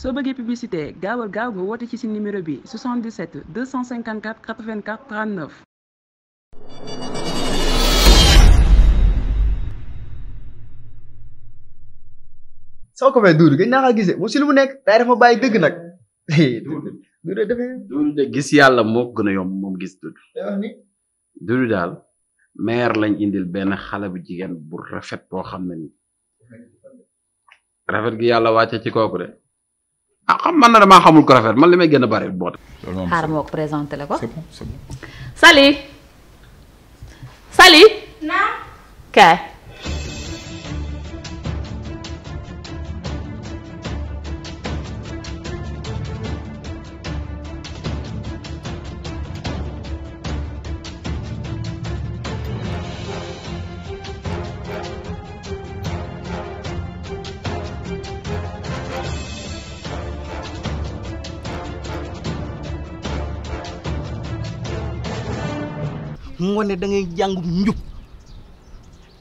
soo bëggee publicité gaawal gaaw nga woote ci si numéro bi 77 254 84 39. soo ko fay duudu gëj naa kaa gisee mu si lu mu nekk day def ma bàyyi dëgg nag. gis yàlla moo gën a yomb moom gis duudu. duudu daal maire lañ indil benn xale bu jigéen bu rafet boo xam ne rafet gi yàlla wàcce ci kooku de. ah man na damaa xamul ko rafet man li may gën a bari boo loolu xaar moo ko présenté la ko. c'est bon c'est Sali. Sali. naam. kaay. ngone da ngay jang ñub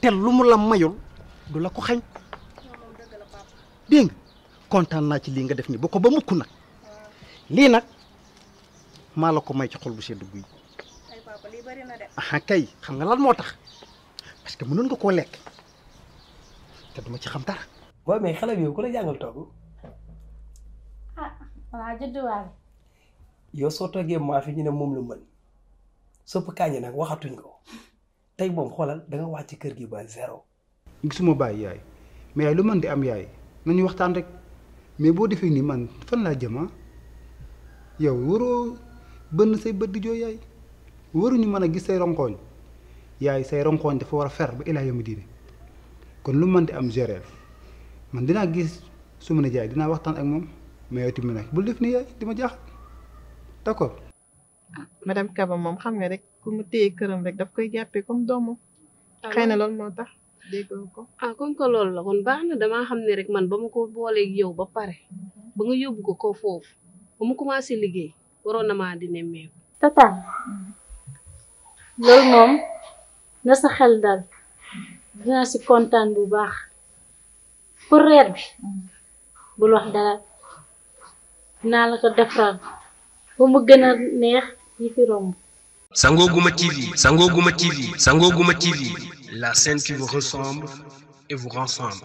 té lu mu la mayul du la ko xagn dégg nga na ci li nga def ni bu ko ba mukk nak li nak maa la ko may ci xol bu sedd guy aha kay xam nga lan moo tax parce que mënoon nga koo lekk te duma ci xam dara wa mais xale bi yow ku la jangal togg ah wala jiddu wal yo so toge ma fi ñu ne mom lu mën sëpp kañ nak waxatuñ ko tay mom xolal da nga wacc kër gi ba zéro suma bay yaay mais lu man di am yaay nañu waxtaan rek mais bo defé ni man fan la jëma ah? yow waroo bënn say bëdd jo yaay waruñu ñu mëna gis say ronkoñ yaay say ronkoñ dafa war fer ba ilaa diine kon lu man di am gérer man dina gis suma ma ne jaay dina waxtaan ak mom mais yow tamit def ni yaay di jax d'accord madame Kaba moom xam nga rek ku mu téye këram rek daf koy jàppee kom doomu ah, xëy na loolu moo tax déggoo ko ah ko loolu baax na dama xam ne rek man ba ma ko booleeg yow ba pare ba nga yóbbu ko ko foofu ba mu commencé liggéey waroon na maa di nemmeeku tata loolu moom na sa xel dal dinaa si kontaan bu baax pour reer bi bul wax dara dinaa la ko defaral ba mu gën a neex Gouma TV, Sango Sangoguma TV, Sangoguma TV, Sangoguma TV, la scène qui vous ressemble et vous rassemble.